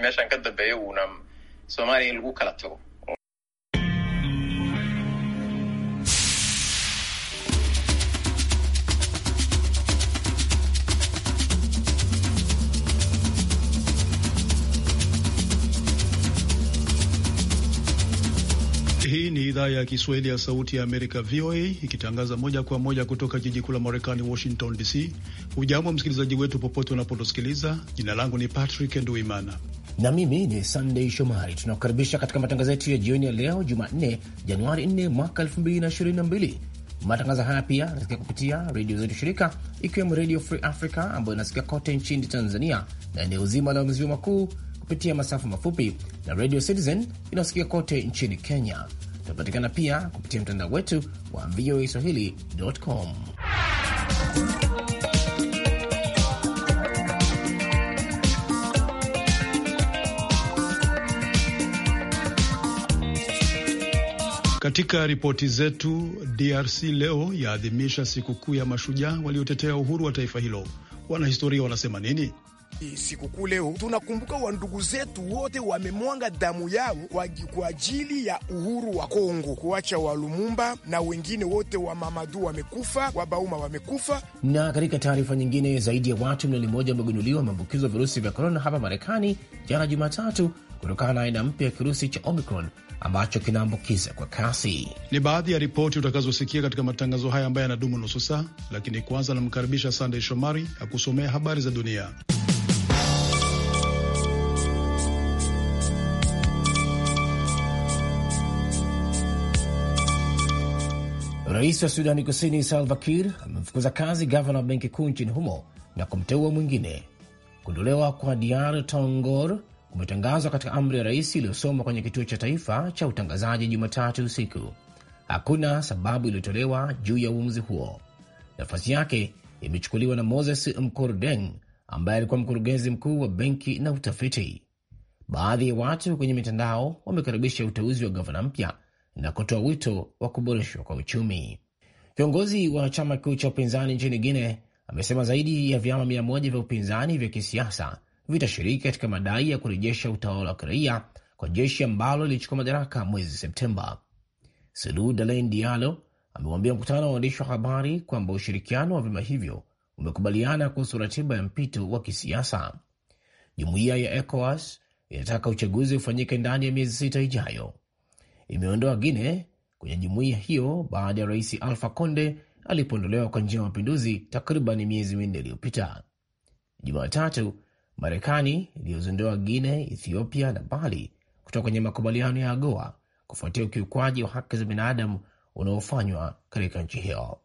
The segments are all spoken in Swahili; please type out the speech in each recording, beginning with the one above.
wixii meeshaan ka dambeeya uuna Soomaaliya in lagu kala tago. Hii ni idhaa ya Kiswahili ya Sauti ya Amerika, VOA, ikitangaza moja kwa moja kutoka jiji kuu la Marekani, Washington DC. Hujambo msikilizaji wetu, popote unapotusikiliza. Jina langu ni Patrick Nduimana na mimi ni sandey Shomari. Tunakukaribisha katika matangazo yetu ya jioni ya leo Jumanne, Januari 4 mwaka 2022. Matangazo haya pia anasikia kupitia redio zetu shirika, ikiwemo Redio Free Africa ambayo inasikia kote nchini Tanzania na eneo zima la maziwa makuu kupitia masafa mafupi na Radio Citizen inayosikia kote nchini Kenya. Tunapatikana pia kupitia mtandao wetu wa VOA swahili.com. Katika ripoti zetu, DRC leo yaadhimisha sikukuu ya mashujaa waliotetea uhuru wa taifa hilo. Wanahistoria wanasema nini? Sikukuu leo tunakumbuka wandugu zetu wote wamemwanga damu yao kwa ajili ya uhuru wa Kongo, kuacha Walumumba na wengine wote wa Mamadu wamekufa, Wabauma wamekufa. Na katika taarifa nyingine, zaidi ya watu milioni moja wamegunduliwa maambukizo ya virusi vya korona hapa Marekani jana Jumatatu, kutokana na aina mpya ya kirusi cha Omicron ambacho kinaambukiza kwa kasi. Ni baadhi ya ripoti utakazosikia katika matangazo haya ambayo yanadumu nusu saa, lakini kwanza anamkaribisha Sandey Shomari akusomea habari za dunia. Rais wa Sudani Kusini Salva Kiir amemfukuza kazi gavana wa benki kuu nchini humo na kumteua mwingine. Kuondolewa kwa Diar Tongor kumetangazwa katika amri ya rais iliyosomwa kwenye kituo cha taifa cha utangazaji Jumatatu usiku. Hakuna sababu iliyotolewa juu ya uamuzi huo. Nafasi yake imechukuliwa na Moses Mcordeng ambaye alikuwa mkurugenzi mkuu wa benki na utafiti. Baadhi ya watu kwenye mitandao wamekaribisha uteuzi wa gavana mpya na kutoa wito wa kuboreshwa kwa uchumi. Kiongozi wa chama kikuu cha upinzani nchini Guine amesema zaidi ya vyama mia moja vya upinzani vya kisiasa vitashiriki katika madai ya kurejesha utawala wa kiraia kwa jeshi ambalo lilichukua madaraka mwezi Septemba. Selu Dalein Dialo amewambia mkutano wa waandishi wa habari kwamba ushirikiano wa vyama hivyo umekubaliana kuhusu ratiba ya mpito wa kisiasa. Jumuiya ya ECOWAS inataka uchaguzi ufanyike ndani ya miezi sita ijayo. Imeondoa Guine kwenye jumuiya hiyo baada ya rais Alfa Conde alipoondolewa kwa njia ya mapinduzi takriban miezi minne iliyopita. Jumatatu Marekani iliyozindua Guine, Ethiopia na bali kutoka kwenye makubaliano ya AGOA kufuatia ukiukwaji wa haki za binadamu unaofanywa katika nchi hiyo.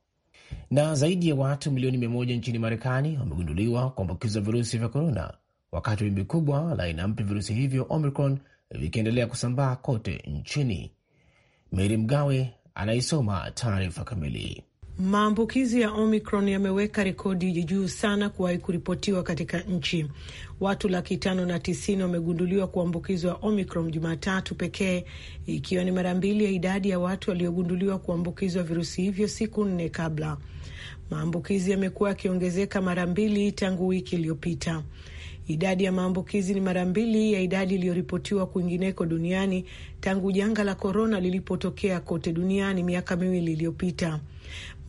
Na zaidi ya watu milioni mia moja nchini Marekani wamegunduliwa kuambukizwa virusi vya korona, wakati wimbi kubwa la aina mpya virusi hivyo Omicron vikiendelea kusambaa kote nchini. Meri Mgawe anaisoma taarifa kamili. Maambukizi ya Omicron yameweka rekodi ya juu sana kuwahi kuripotiwa katika nchi. Watu laki tano na tisini wamegunduliwa kuambukizwa Omicron Jumatatu pekee, ikiwa ni mara mbili ya idadi ya watu waliogunduliwa kuambukizwa virusi hivyo siku nne kabla. Maambukizi yamekuwa yakiongezeka mara mbili tangu wiki iliyopita. Idadi ya maambukizi ni mara mbili ya idadi iliyoripotiwa kwingineko duniani tangu janga la korona lilipotokea kote duniani miaka miwili iliyopita.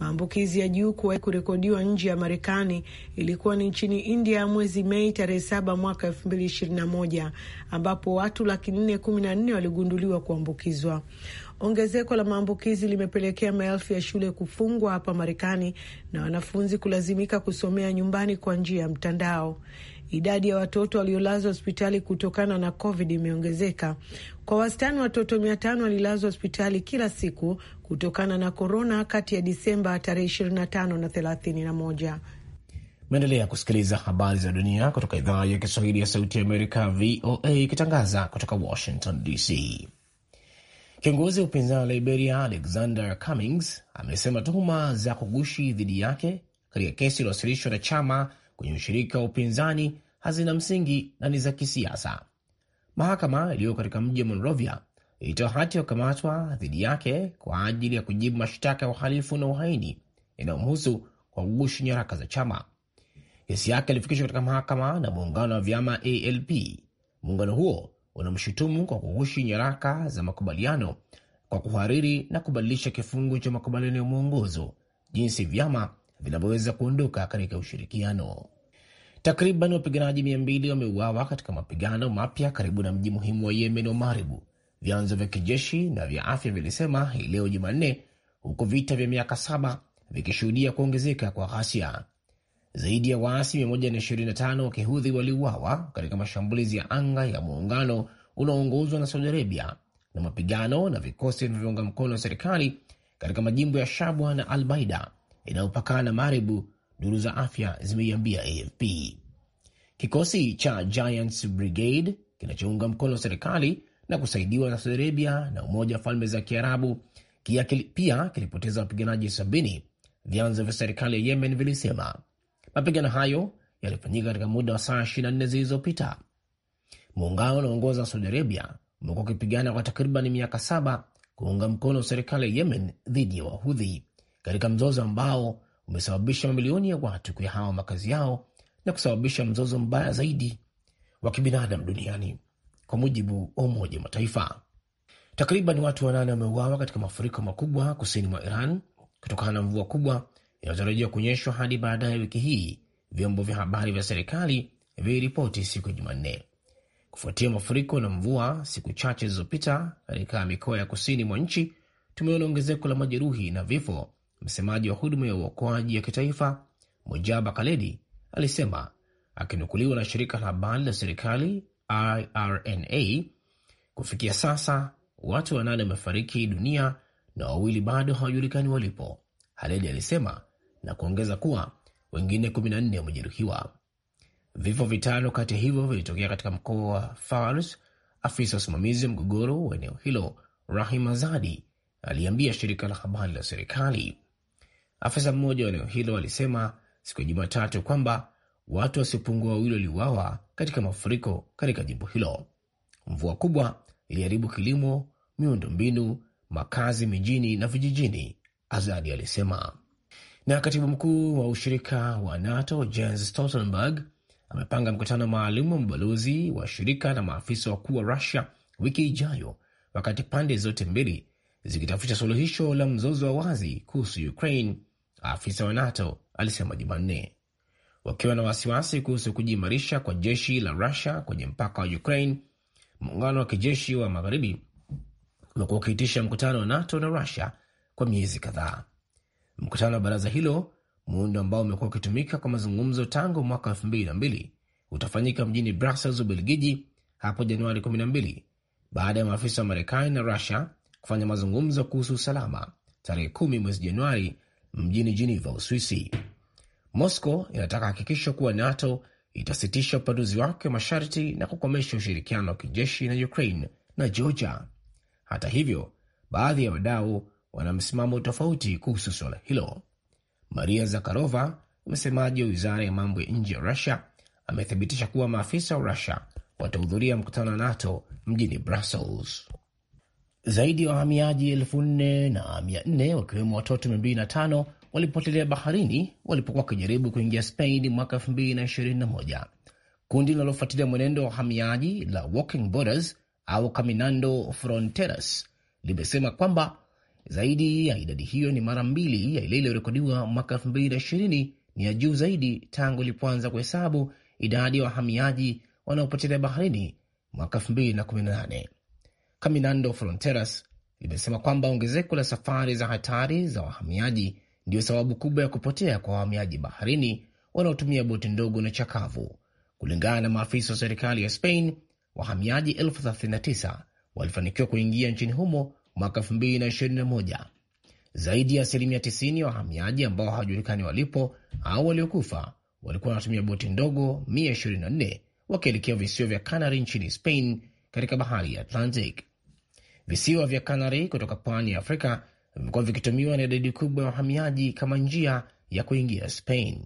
Maambukizi ya juu kuwahi kurekodiwa nje ya Marekani ilikuwa ni nchini India mwezi Mei tarehe saba mwaka elfu mbili ishirini na moja ambapo watu laki nne kumi na nne waligunduliwa kuambukizwa. Ongezeko la maambukizi limepelekea maelfu ya shule kufungwa hapa Marekani na wanafunzi kulazimika kusomea nyumbani kwa njia ya mtandao. Idadi ya watoto waliolazwa hospitali kutokana na COVID imeongezeka. Kwa wastani watoto mia tano walilazwa hospitali kila siku kutokana na korona kati ya Disemba tarehe 25 na 31. Maendelea kusikiliza habari za dunia kutoka idhaa ya Kiswahili ya Sauti ya Amerika, VOA, ikitangaza kutoka Washington DC. Kiongozi wa upinzani wa Liberia Alexander Cummings amesema tuhuma za kugushi dhidi yake katika kesi iliyowasilishwa na chama kwenye ushirika wa upinzani hazina msingi na ni za kisiasa. Mahakama iliyo katika mji wa Monrovia ilitoa hati ya kukamatwa dhidi yake kwa ajili ya kujibu mashtaka ya uhalifu na uhaini yanayomhusu kwa kugushi nyaraka za chama. Kesi yake ilifikishwa katika mahakama na muungano wa vyama ALP. Muungano huo unamshutumu kwa kugushi nyaraka za makubaliano kwa kuhariri na kubadilisha kifungu cha makubaliano ya mwongozo jinsi vyama vinavyoweza kuondoka katika ushirikiano. Takriban wapiganaji mia mbili wameuawa katika mapigano mapya karibu na mji muhimu wa Yemen wa Maribu, vyanzo vya kijeshi na vya afya vilisema hii leo Jumanne, huku vita vya miaka saba vikishuhudia kuongezeka kwa ghasia. Zaidi ya waasi 125 wa kihudhi waliuawa katika mashambulizi ya anga ya muungano unaoongozwa na Saudi Arabia na mapigano na vikosi vinavyounga mkono serikali katika majimbo ya Shabwa na Albaida inayopakana na Maribu, duru za afya zimeiambia AFP. Kikosi cha Giants Brigade kinachounga mkono serikali na kusaidiwa na Saudi Arabia na Umoja wa Falme za Kiarabu kia kili, pia kilipoteza wapiganaji sabini, vyanzo vya serikali ya Yemen vilisema. Mapigano hayo yalifanyika katika muda wa saa 24 zilizopita. Muungano unaongoza Saudi Arabia umekuwa ukipigana kwa takriban miaka saba kuunga mkono serikali ya Yemen dhidi ya Wahudhi katika mzozo ambao umesababisha mamilioni ya watu kuyahama makazi yao na kusababisha mzozo mbaya zaidi wa kibinadamu duniani kwa mujibu wa Umoja Mataifa. Takriban watu wanane wameuawa katika mafuriko makubwa kusini mwa Iran kutokana na mvua kubwa inayotarajiwa kunyeshwa hadi baadaye wiki hii, vyombo vya habari vya serikali viliripoti siku ya Jumanne, kufuatia mafuriko na mvua siku chache zilizopita katika mikoa ya kusini mwa nchi. Tumeona ongezeko la majeruhi na vifo Msemaji wa huduma ya uokoaji ya kitaifa Mujaba Kaledi alisema akinukuliwa na shirika la habari la serikali IRNA, kufikia sasa watu wanane wamefariki dunia na wawili bado hawajulikani walipo, Haledi alisema na kuongeza kuwa wengine 14 wamejeruhiwa. Vifo vitano kati ya hivyo vilitokea katika mkoa wa Fars. Afisa usimamizi wa mgogoro wa eneo hilo Rahim Azadi aliambia shirika la habari la serikali Afisa mmoja wa eneo hilo alisema siku ya Jumatatu kwamba watu wasiopungua wawili waliuawa katika mafuriko katika jimbo hilo. Mvua kubwa iliharibu kilimo, miundombinu, makazi mijini na vijijini, Azadi alisema. Na katibu mkuu wa ushirika wa NATO Jens Stoltenberg amepanga mkutano maalum wa mabalozi wa shirika na maafisa wakuu wa Rusia wiki ijayo, wakati pande zote mbili zikitafuta suluhisho la mzozo wa wazi kuhusu Ukraine afisa wa NATO alisema Jumanne, wakiwa na wasiwasi kuhusu kujiimarisha kwa jeshi la Rusia kwenye mpaka wa Ukraine. Muungano wa kijeshi wa magharibi umekuwa ukiitisha mkutano wa NATO na Rusia kwa miezi kadhaa. Mkutano wa baraza hilo, muundo ambao umekuwa ukitumika kwa mazungumzo tangu mwaka elfu mbili na mbili, utafanyika mjini Brussels, Ubelgiji hapo Januari 12 baada ya maafisa wa Marekani na Rusia kufanya mazungumzo kuhusu usalama tarehe kumi mwezi Januari mjini Geneva, Uswisi. Moscow inataka hakikisho kuwa NATO itasitisha upanduzi wake wa masharti na kukomesha ushirikiano wa kijeshi na Ukraine na Georgia. Hata hivyo, baadhi ya wadau wana msimamo tofauti kuhusu suala hilo. Maria Zakharova, msemaji wa wizara ya mambo ya nje ya Rusia, amethibitisha kuwa maafisa wa Rusia watahudhuria mkutano wa NATO mjini Brussels. Zaidi ya wahamiaji elfu nne na mia nne wakiwemo watoto mia mbili na tano walipotelea baharini walipokuwa wakijaribu kuingia Spain mwaka elfu mbili na ishirini na moja. Kundi linalofuatilia mwenendo wa wahamiaji la Walking Borders au Caminando Fronteras limesema kwamba zaidi ya idadi hiyo ni mara mbili ya ile iliyorekodiwa mwaka elfu mbili na ishirini ni ya juu zaidi tangu ilipoanza kuhesabu idadi ya wahamiaji wanaopotelea baharini mwaka elfu mbili na kumi na nane. Caminando Fronteras limesema kwamba ongezeko la safari za hatari za wahamiaji ndiyo sababu kubwa ya kupotea kwa wahamiaji baharini wanaotumia boti ndogo na chakavu. Kulingana na maafisa wa serikali ya Spain, wahamiaji 39 walifanikiwa kuingia nchini humo mwaka 2021. Zaidi ya asilimia 90 ya wahamiaji ambao hawajulikani walipo au waliokufa walikuwa wanatumia boti ndogo 124 wakielekea visiwa vya Canary nchini Spain katika bahari ya Atlantic. Visiwa vya Canary kutoka pwani ya Afrika vimekuwa vikitumiwa na idadi kubwa ya wahamiaji kama njia ya kuingia Spain.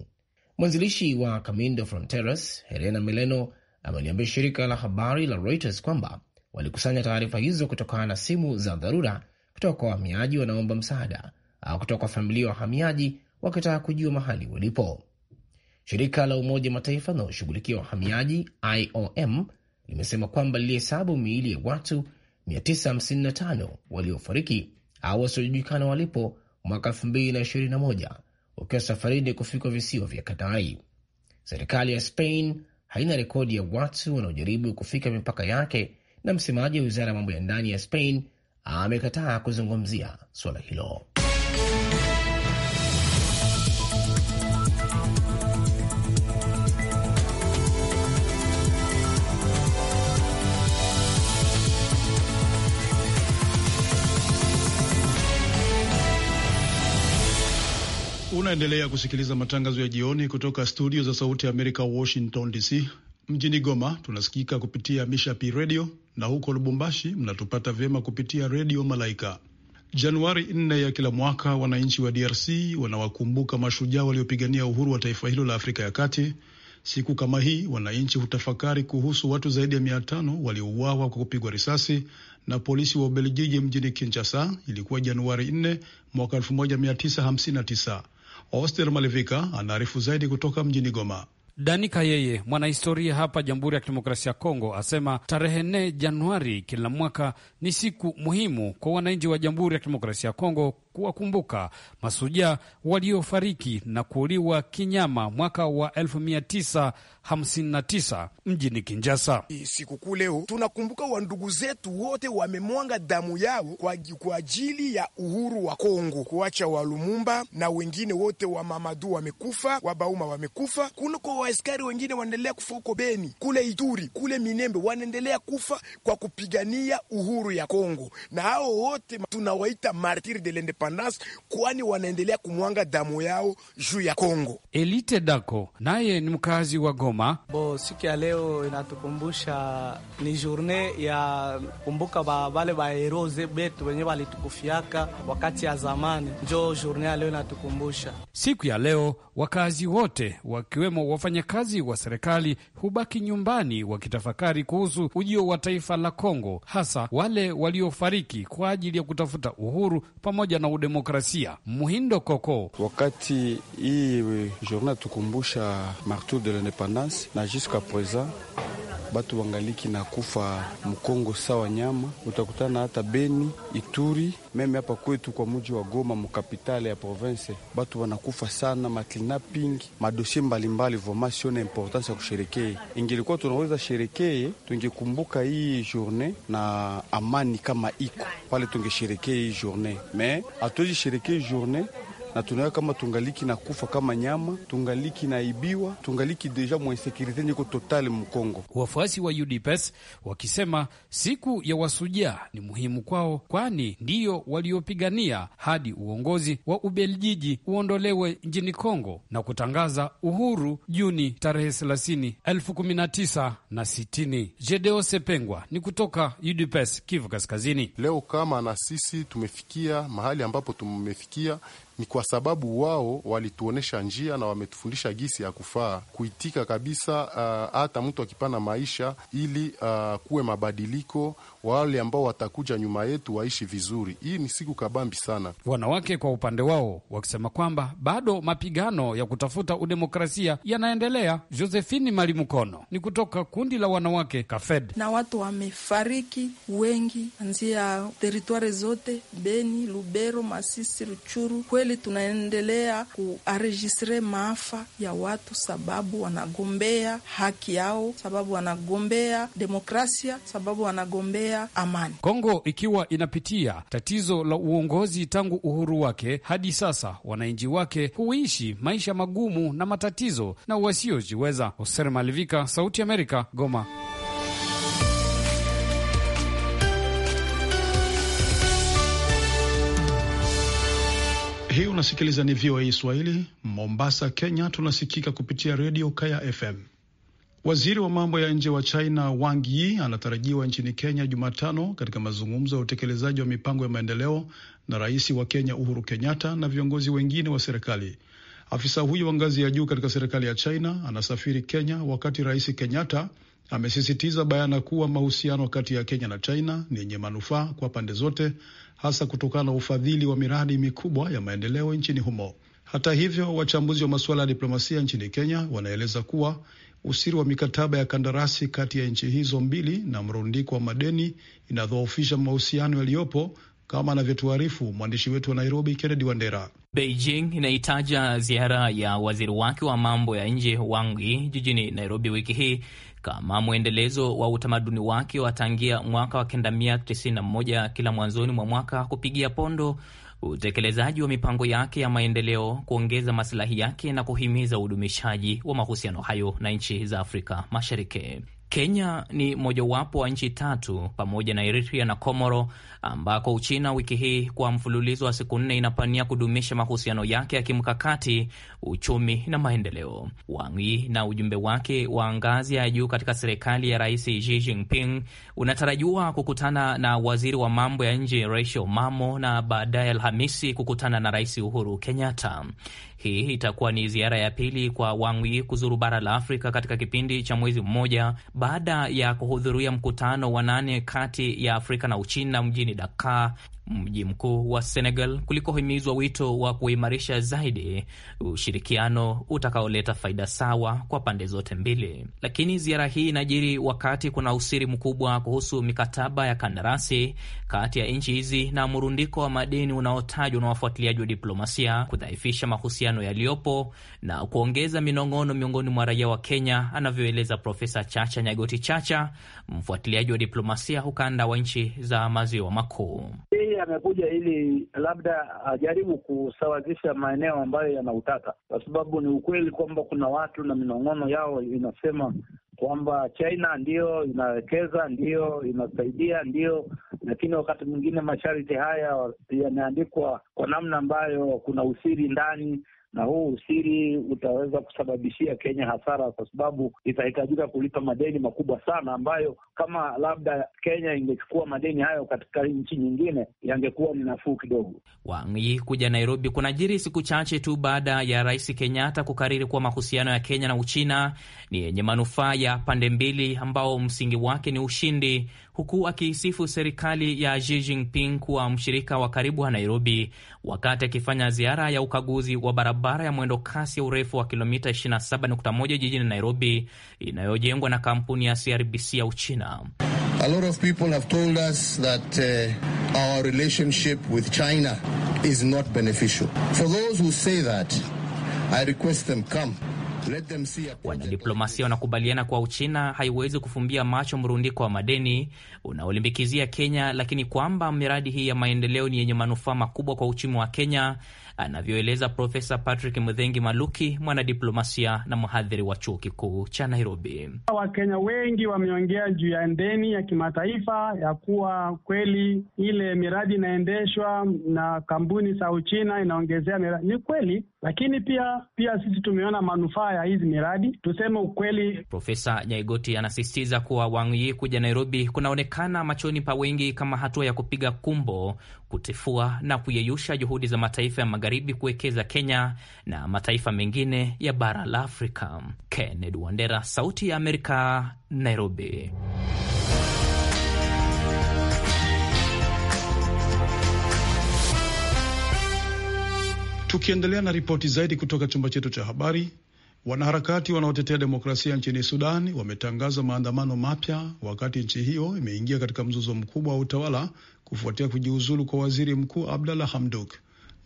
Mwanzilishi wa Camindo Fronteras Helena Mileno ameliambia shirika la habari la Reuters kwamba walikusanya taarifa hizo kutokana na simu za dharura kutoka kwa wahamiaji wanaomba msaada au kutoka kwa familia wa wahamiaji wakitaka kujua mahali walipo. Shirika la Umoja Mataifa linaloshughulikia wahamiaji IOM limesema kwamba lilihesabu miili ya watu 955 waliofariki au wasiojulikana walipo mwaka 2021 wakiwa safarini kufika visiwa vya Kanai. Serikali ya Spain haina rekodi ya watu wanaojaribu kufika mipaka yake, na msemaji wa wizara ya mambo ya ndani ya Spain amekataa kuzungumzia suala hilo. Unaendelea kusikiliza matangazo ya jioni kutoka studio za Sauti ya Amerika, Washington DC. Mjini Goma tunasikika kupitia Mishapi Redio na huko Lubumbashi mnatupata vyema kupitia Redio Malaika. Januari 4 ya kila mwaka wananchi wa DRC wanawakumbuka mashujaa waliopigania uhuru wa taifa hilo la Afrika ya Kati. Siku kama hii wananchi hutafakari kuhusu watu zaidi ya mia tano waliouawa kwa kupigwa risasi na polisi wa Ubelgiji mjini Kinshasa. Ilikuwa Januari 4 mwaka 1959. Oster Malivika anaarifu zaidi kutoka mjini Goma. Danika yeye mwanahistoria hapa Jamhuri ya Kidemokrasia ya Kongo asema tarehe nne Januari kila mwaka ni siku muhimu kwa wananchi wa Jamhuri ya Kidemokrasia ya Kongo kuwakumbuka masuja waliofariki na kuuliwa kinyama mwaka wa 1959 mjini Kinjasa. Sikukuu leo tunakumbuka wandugu zetu wote wamemwanga damu yao kwa, kwa ajili ya uhuru wa Kongo, kuacha Walumumba na wengine wote wa Mamadu wamekufa, Wabauma wamekufa, kunako waaskari wengine wanaendelea kufa huko Beni, kule Ituri, kule Minembe wanaendelea kufa kwa kupigania uhuru ya Kongo, na hao wote tunawaita martiri de l'independance independance, kwani wanaendelea kumwanga damu yao juu ya Kongo. Elite Dako naye ni mkazi wa Goma. Bo, siku ya leo inatukumbusha ni journe ya kumbuka ba, bale baheroze betu wenye walitukufiaka wakati ya zamani, njo journe ya leo inatukumbusha. Siku ya leo wakazi wote wakiwemo wafanyakazi wa serikali hubaki nyumbani wakitafakari kuhusu ujio wa taifa la Kongo, hasa wale waliofariki kwa ajili ya kutafuta uhuru pamoja na udemokrasia Muhindo Koko. Wakati hii journal tukumbusha martur de l'independance na jusqu'à present batu wangaliki na kufa Mkongo sawa nyama. Utakutana hata Beni, Ituri, meme hapa kwetu kwa muji wa Goma, mukapitale ya province, batu wanakufa sana, makinaping madosie mbalimbali, vomation na importance ya kusherekee. Ingelikuwa tunaweza sherekee, tungekumbuka hii journée na amani kama iko pale, tungesherekee hii journée, me hatuwezi sherekee journée na tunaona kama tungaliki na kufa kama nyama, tungaliki na ibiwa, tungaliki deja mwainsekurite nyiko total Mkongo. Wafuasi wa UDPS wakisema siku ya wasujaa ni muhimu kwao, kwani ndiyo waliopigania hadi uongozi wa Ubeljiji uondolewe nchini Kongo na kutangaza uhuru Juni tarehe 30, 1960. Jedeo Sepengwa ni kutoka UDPS Kivu Kaskazini. Leo kama na sisi tumefikia mahali ambapo tumefikia ni kwa sababu wao walituonesha njia na wametufundisha gisi ya kufaa kuitika kabisa. Uh, hata uh, mtu akipana maisha ili uh, kuwe mabadiliko, wale ambao watakuja nyuma yetu waishi vizuri. Hii ni siku kabambi sana. Wanawake kwa upande wao wakisema kwamba bado mapigano ya kutafuta udemokrasia yanaendelea. Josephine Malimukono ni kutoka kundi la wanawake Kafed, na watu wamefariki wengi, anzia teritwari zote Beni, Lubero, Masisi, Ruchuru kweli kweli tunaendelea kuarejistre maafa ya watu, sababu wanagombea haki yao, sababu wanagombea demokrasia, sababu wanagombea amani. Kongo ikiwa inapitia tatizo la uongozi tangu uhuru wake hadi sasa, wananchi wake huishi maisha magumu na matatizo na wasiojiweza. Hoser Malivika, Sauti Amerika, Goma. unasikiliza ni VOA Swahili Mombasa, Kenya. Tunasikika kupitia redio Kaya FM. Waziri wa mambo ya nje wa China Wang Yi anatarajiwa nchini Kenya Jumatano katika mazungumzo ya utekelezaji wa mipango ya maendeleo na rais wa Kenya Uhuru Kenyatta na viongozi wengine wa serikali. Afisa huyo wa ngazi ya juu katika serikali ya China anasafiri Kenya wakati Rais Kenyatta amesisitiza bayana kuwa mahusiano kati ya Kenya na China ni yenye manufaa kwa pande zote hasa kutokana na ufadhili wa miradi mikubwa ya maendeleo nchini humo. Hata hivyo, wachambuzi wa masuala ya diplomasia nchini Kenya wanaeleza kuwa usiri wa mikataba ya kandarasi kati ya nchi hizo mbili na mrundiko wa madeni inadhoofisha mahusiano yaliyopo, kama anavyotuarifu mwandishi wetu wa Nairobi, Kennedy Wandera. Beijing inaitaja ziara ya waziri wake wa mambo ya nje Wang Yi jijini Nairobi wiki hii kama mwendelezo wa utamaduni wake wa tangia mwaka wa 1991 kila mwanzoni mwa mwaka kupigia pondo utekelezaji wa mipango yake ya maendeleo, kuongeza masilahi yake na kuhimiza udumishaji wa mahusiano hayo na nchi za Afrika Mashariki. Kenya ni mojawapo wa nchi tatu pamoja na Eritrea na Komoro ambako Uchina wiki hii kwa mfululizo wa siku nne inapania kudumisha mahusiano yake ya kimkakati, uchumi na maendeleo. Wang Yi na ujumbe wake wa ngazi ya juu katika serikali ya Rais Xi Jinping unatarajiwa kukutana na waziri wa mambo ya nje Rachel Mamo na baadaye Alhamisi kukutana na Rais Uhuru Kenyatta. Hii itakuwa ni ziara ya pili kwa Wang Yi kuzuru bara la Afrika katika kipindi cha mwezi mmoja baada ya kuhudhuria mkutano wa nane kati ya Afrika na Uchina mjini Dakar mji mkuu wa Senegal, kulikohimizwa wito wa kuimarisha zaidi ushirikiano utakaoleta faida sawa kwa pande zote mbili. Lakini ziara hii inajiri wakati kuna usiri mkubwa kuhusu mikataba ya kandarasi kati ya nchi hizi na mrundiko wa madeni unaotajwa na wafuatiliaji wa diplomasia kudhaifisha mahusiano yaliyopo na kuongeza minong'ono miongoni mwa raia wa Kenya, anavyoeleza Profesa Chacha Nyagoti Chacha, mfuatiliaji wa diplomasia ukanda wa nchi za maziwa makuu yeye amekuja ili labda ajaribu kusawazisha maeneo ambayo yana utata, kwa sababu ni ukweli kwamba kuna watu na minong'ono yao inasema kwamba China ndiyo inawekeza, ndiyo inasaidia, ndiyo, lakini wakati mwingine masharti haya yameandikwa kwa namna ambayo kuna usiri ndani na huu usiri utaweza kusababishia Kenya hasara, kwa sababu itahitajika kulipa madeni makubwa sana, ambayo kama labda Kenya ingechukua madeni hayo katika nchi nyingine yangekuwa ni nafuu kidogo. Wangi kuja Nairobi kunajiri siku chache tu baada ya Rais Kenyatta kukariri kuwa mahusiano ya Kenya na Uchina ni yenye manufaa ya pande mbili ambao msingi wake ni ushindi, huku akiisifu serikali ya Xi Jinping kuwa mshirika wa karibu wa Nairobi wakati akifanya ziara ya ukaguzi wa barabara ya mwendo kasi ya urefu wa kilomita 27.1 jijini Nairobi inayojengwa na kampuni ya CRBC ya Uchina. A lot of people have told us that uh, our relationship with China is not beneficial. For those who say that, I request them come. Wanadiplomasia wanakubaliana kuwa Uchina haiwezi kufumbia macho mrundiko wa madeni unaolimbikizia Kenya, lakini kwamba miradi hii ya maendeleo ni yenye manufaa makubwa kwa uchumi wa Kenya, anavyoeleza Profesa Patrick Mudhengi Maluki, mwanadiplomasia na mhadhiri wa chuo kikuu cha Nairobi. Wakenya wengi wameongea juu ya deni ya kimataifa, ya kuwa kweli ile miradi inaendeshwa na kampuni za Uchina inaongezea miradi. Ni kweli, lakini pia pia sisi tumeona manufaa manufaa ya hizi miradi, tuseme ukweli. Profesa Nyaigoti anasisitiza kuwa awamu kuja Nairobi kunaonekana machoni pa wengi kama hatua ya kupiga kumbo, kutifua na kuyeyusha juhudi za mataifa ya magharibi kuwekeza Kenya na mataifa mengine ya bara la Afrika. Kennedy Wandera, Sauti ya Amerika, Nairobi. Tukiendelea na ripoti zaidi kutoka chumba chetu cha habari, Wanaharakati wanaotetea demokrasia nchini Sudan wametangaza maandamano mapya wakati nchi hiyo imeingia katika mzozo mkubwa wa utawala kufuatia kujiuzulu kwa waziri mkuu Abdalla Hamdok.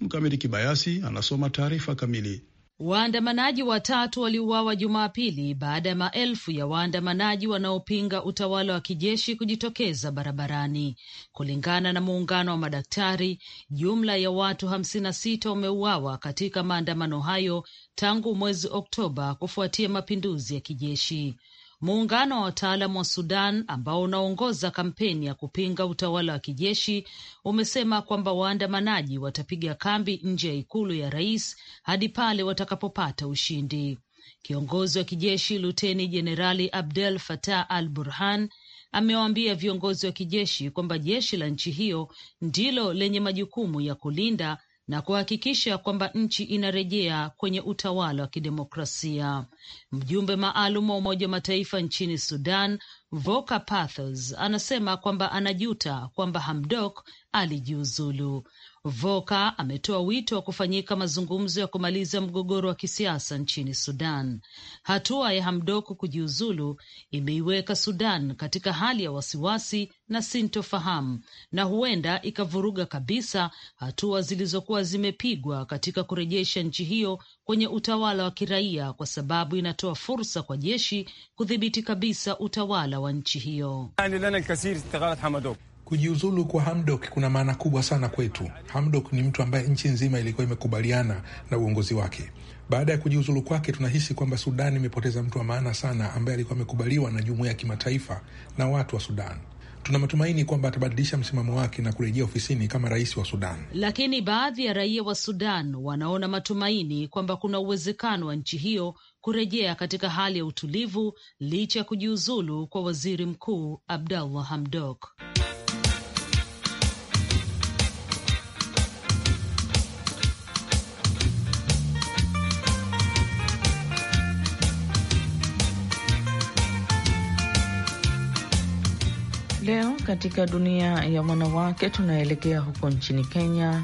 Mkamiti Kibayasi anasoma taarifa kamili. Waandamanaji watatu waliuawa Jumapili baada ya maelfu ya waandamanaji wanaopinga utawala wa kijeshi kujitokeza barabarani. Kulingana na muungano wa madaktari, jumla ya watu hamsini na sita wameuawa katika maandamano hayo tangu mwezi Oktoba kufuatia mapinduzi ya kijeshi. Muungano wa wataalam wa Sudan ambao unaongoza kampeni ya kupinga utawala wa kijeshi umesema kwamba waandamanaji watapiga kambi nje ya ikulu ya rais hadi pale watakapopata ushindi. Kiongozi wa kijeshi Luteni Jenerali Abdel Fattah al Burhan amewaambia viongozi wa kijeshi kwamba jeshi la nchi hiyo ndilo lenye majukumu ya kulinda na kuhakikisha kwamba nchi inarejea kwenye utawala wa kidemokrasia. Mjumbe maalum wa Umoja wa Mataifa nchini Sudan, Volker Perthes, anasema kwamba anajuta kwamba Hamdok alijiuzulu. Voka ametoa wito wa kufanyika mazungumzo ya kumaliza mgogoro wa kisiasa nchini Sudan. Hatua ya Hamdok kujiuzulu imeiweka Sudan katika hali ya wasiwasi na sintofahamu na huenda ikavuruga kabisa hatua zilizokuwa zimepigwa katika kurejesha nchi hiyo kwenye utawala wa kiraia, kwa sababu inatoa fursa kwa jeshi kudhibiti kabisa utawala wa nchi hiyo. Kujiuzulu kwa Hamdok kuna maana kubwa sana kwetu. Hamdok ni mtu ambaye nchi nzima ilikuwa imekubaliana na uongozi wake. Baada ya kujiuzulu kwake, tunahisi kwamba Sudan imepoteza mtu wa maana sana ambaye alikuwa amekubaliwa na jumuiya ya kimataifa na watu wa Sudan. Tuna matumaini kwamba atabadilisha msimamo wake na kurejea ofisini kama rais wa Sudan. Lakini baadhi ya raia wa Sudan wanaona matumaini kwamba kuna uwezekano wa nchi hiyo kurejea katika hali ya utulivu licha ya kujiuzulu kwa waziri mkuu Abdallah Hamdok. Leo katika dunia ya wanawake tunaelekea huko nchini Kenya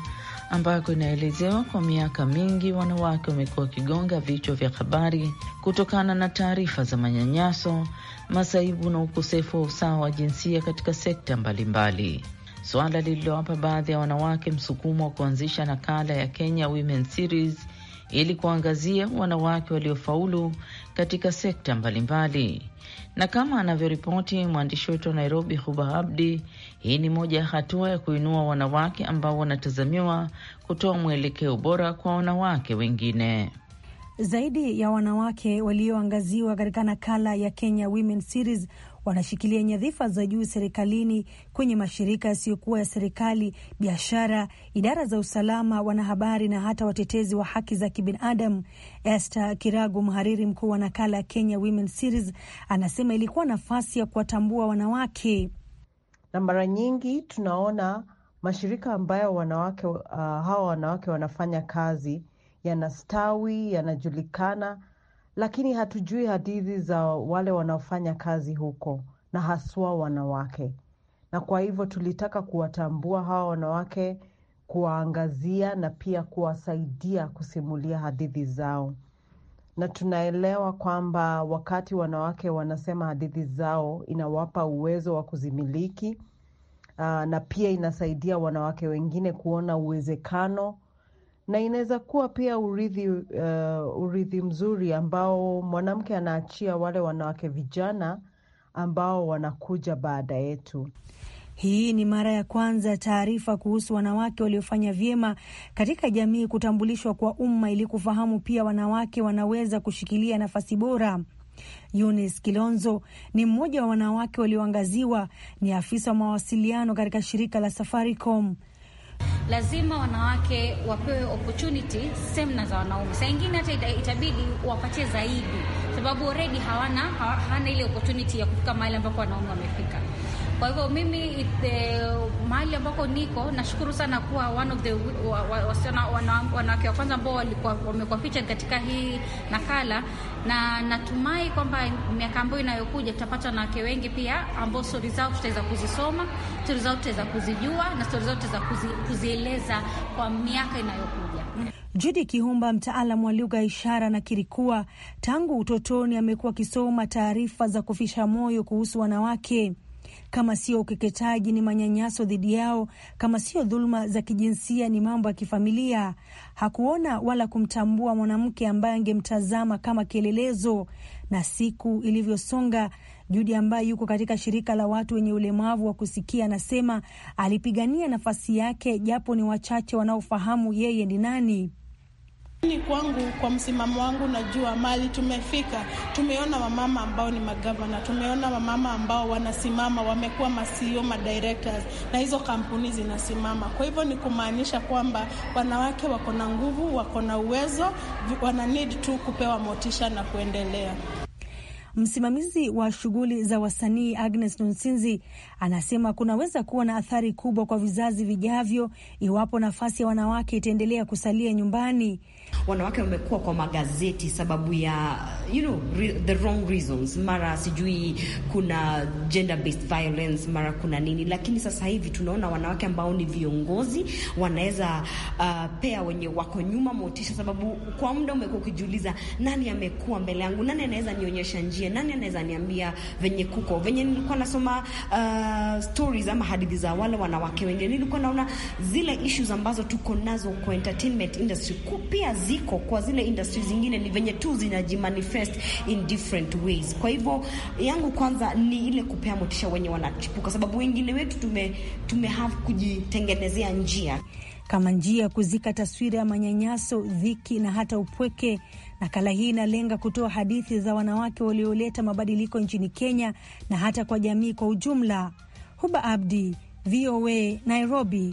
ambako inaelezewa kwa miaka mingi wanawake wamekuwa wakigonga vichwa vya habari kutokana na taarifa za manyanyaso, masaibu na ukosefu wa usawa wa jinsia katika sekta mbalimbali, suala lililowapa baadhi ya wanawake msukumo wa kuanzisha nakala ya Kenya Women Series ili kuangazia wanawake waliofaulu katika sekta mbalimbali. Na kama anavyoripoti mwandishi wetu wa Nairobi, Huba Abdi, hii ni moja ya hatua ya kuinua wanawake ambao wanatazamiwa kutoa mwelekeo bora kwa wanawake wengine. Zaidi ya wanawake walioangaziwa katika nakala ya Kenya Women Series wanashikilia nyadhifa za juu serikalini, kwenye mashirika yasiyokuwa ya serikali, biashara, idara za usalama, wanahabari na hata watetezi wa haki za kibinadamu. Esther Kiragu, mhariri mkuu wa nakala ya Kenya Women Series, anasema ilikuwa nafasi ya kuwatambua wanawake, na mara nyingi tunaona mashirika ambayo wanawake uh, hawa wanawake wanafanya kazi yanastawi, yanajulikana lakini hatujui hadithi za wale wanaofanya kazi huko na haswa wanawake, na kwa hivyo tulitaka kuwatambua hawa wanawake, kuwaangazia na pia kuwasaidia kusimulia hadithi zao, na tunaelewa kwamba wakati wanawake wanasema hadithi zao inawapa uwezo wa kuzimiliki, ah, na pia inasaidia wanawake wengine kuona uwezekano na inaweza kuwa pia urithi, uh, urithi mzuri ambao mwanamke anaachia wale wanawake vijana ambao wanakuja baada yetu. Hii ni mara ya kwanza taarifa kuhusu wanawake waliofanya vyema katika jamii kutambulishwa kwa umma ili kufahamu pia wanawake wanaweza kushikilia nafasi bora. Yunis Kilonzo ni mmoja wa wanawake walioangaziwa, ni afisa wa mawasiliano katika shirika la Safaricom lazima wanawake wapewe opportunity same na za wanaume. Saa ingine hata itabidi wapatie zaidi, sababu already hawana hawana ile opportunity ya kufika mahali ambapo wanaume wamefika. Kwa hivyo mimi ite, eh, mahali ambako niko nashukuru sana kuwa one of the wasichana wanawake wa kwanza ambao walikuwa wamekuwa featured katika hii nakala, na natumai kwamba miaka ambayo inayokuja tutapata wanawake wengi pia ambao stori zao tutaweza kuzisoma, stori zao tutaweza kuzijua na stori zao tutaweza kuzi, kuzieleza kwa miaka inayokuja. Judy Kihumba, mtaalamu wa lugha ya ishara, anakiri kuwa tangu utotoni amekuwa akisoma taarifa za kufisha moyo kuhusu wanawake. Kama sio ukeketaji, ni manyanyaso dhidi yao. Kama sio dhuluma za kijinsia, ni mambo ya kifamilia. Hakuona wala kumtambua mwanamke ambaye angemtazama kama kielelezo. Na siku ilivyosonga Judi ambaye yuko katika shirika la watu wenye ulemavu wa kusikia anasema alipigania nafasi yake, japo ni wachache wanaofahamu yeye ni nani. Ni kwangu, kwa msimamo wangu, najua mali tumefika. Tumeona wamama ambao ni magavana, tumeona wamama ambao wanasimama, wamekuwa masio e directors, na hizo kampuni zinasimama. Kwa hivyo ni kumaanisha kwamba wanawake wako na nguvu, wako na uwezo, wana need tu kupewa motisha na kuendelea. Msimamizi wa shughuli za wasanii Agnes Nonsinzi anasema kunaweza kuwa na athari kubwa kwa vizazi vijavyo iwapo nafasi ya wanawake itaendelea kusalia nyumbani wanawake wamekuwa kwa magazeti sababu ya you know, re, the wrong reasons. Mara sijui kuna gender based violence, mara kuna nini, lakini sasa hivi tunaona wanawake ambao ni viongozi wanaweza uh, pea wenye wako nyuma motisha, sababu kwa muda umekuwa ukijiuliza nani amekuwa mbele yangu, nani anaweza nionyesha njia, nani anaweza niambia venye kuko venye nilikuwa nasoma uh, stories ama hadithi za wale wanawake wengine, nilikuwa naona zile issues ambazo tuko nazo kwa entertainment industry pia ziko kwa zile industries zingine, ni venye tu zinajimanifest in different ways. Kwa hivyo yangu kwanza ni ile kupea motisha wenye wanachipuka, sababu wengine wetu tume, tume have kujitengenezea njia kama njia ya kuzika taswira ya manyanyaso, dhiki na hata upweke. Nakala hii inalenga kutoa hadithi za wanawake walioleta mabadiliko nchini Kenya na hata kwa jamii kwa ujumla. Huba Abdi, VOA, Nairobi.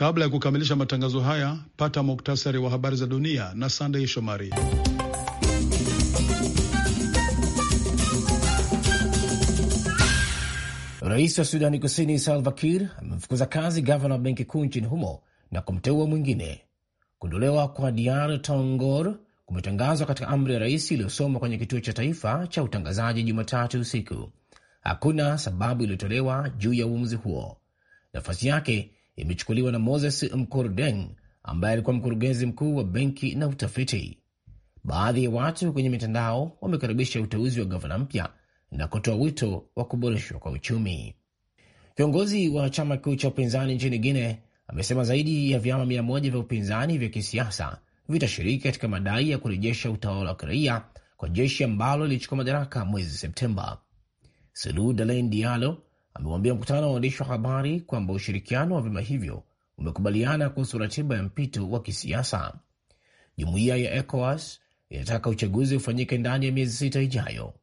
Kabla ya kukamilisha matangazo haya, pata muktasari wa habari za dunia na Sandei Shomari. Rais wa Sudani Kusini Salva Kiir amemfukuza kazi gavana wa benki kuu nchini humo na kumteua mwingine. Kuondolewa kwa Diar Tongor kumetangazwa katika amri ya rais iliyosomwa kwenye kituo cha taifa cha utangazaji Jumatatu usiku. Hakuna sababu iliyotolewa juu ya uamuzi huo. Nafasi yake imechukuliwa na Moses Mkurden ambaye alikuwa mkurugenzi mkuu wa benki na utafiti. Baadhi ya watu kwenye mitandao wamekaribisha uteuzi wa gavana mpya na kutoa wito wa kuboreshwa kwa uchumi. Kiongozi wa chama kikuu cha upinzani nchini guine amesema zaidi ya vyama mia moja vya upinzani vya kisiasa vitashiriki katika madai ya kurejesha utawala wa kiraia kwa jeshi ambalo lilichukua madaraka mwezi Septemba. Selu Dalein Dialo amewaambia mkutano wa waandishi wa habari kwamba ushirikiano wa vyama hivyo umekubaliana kuhusu ratiba ya mpito wa kisiasa. Jumuiya ya ECOWAS inataka uchaguzi ufanyike ndani ya miezi sita ijayo.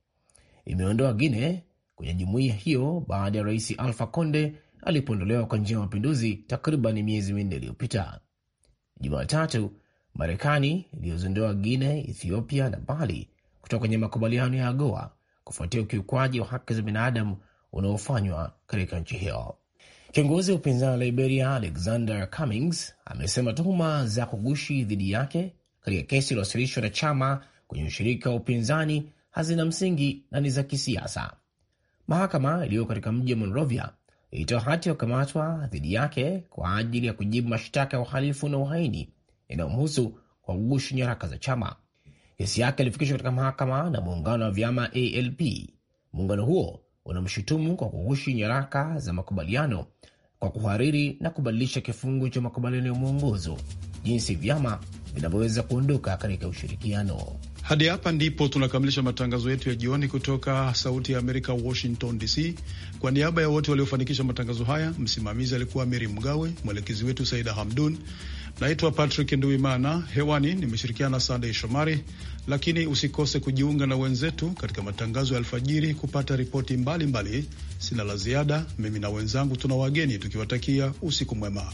Imeondoa Guine kwenye jumuiya hiyo baada ya rais Alfa Conde alipoondolewa kwa njia ya mapinduzi takriban miezi minne iliyopita. Jumatatu, Marekani iliyozondoa Guine, Ethiopia na Bali kutoka kwenye makubaliano ya AGOA kufuatia ukiukwaji wa haki za binadamu unaofanywa katika nchi hiyo. Kiongozi wa upinzani wa Liberia Alexander Cummings amesema tuhuma za kugushi dhidi yake katika kesi iliyowasilishwa na chama kwenye ushirika wa upinzani hazina msingi na ni za kisiasa. Mahakama iliyo katika mji wa Monrovia ilitoa hati ya kukamatwa dhidi yake kwa ajili ya kujibu mashtaka ya uhalifu na uhaini yanayomhusu kwa kugushi nyaraka za chama. Kesi yake ilifikishwa katika mahakama na muungano wa vyama ALP. Muungano huo unamshutumu kwa kughushi nyaraka za makubaliano kwa kuhariri na kubadilisha kifungu cha makubaliano ya mwongozo jinsi vyama vinavyoweza kuondoka katika ushirikiano. Hadi hapa ndipo tunakamilisha matangazo yetu ya jioni kutoka Sauti ya Amerika, Washington DC. Kwa niaba ya wote waliofanikisha matangazo haya, msimamizi alikuwa Meri Mgawe, mwelekezi wetu Saida Hamdun. Naitwa Patrick Nduimana, hewani nimeshirikiana na Sandey Shomari, lakini usikose kujiunga na wenzetu katika matangazo ya alfajiri kupata ripoti mbalimbali. Sina la ziada, mimi na wenzangu tuna wageni tukiwatakia usiku mwema.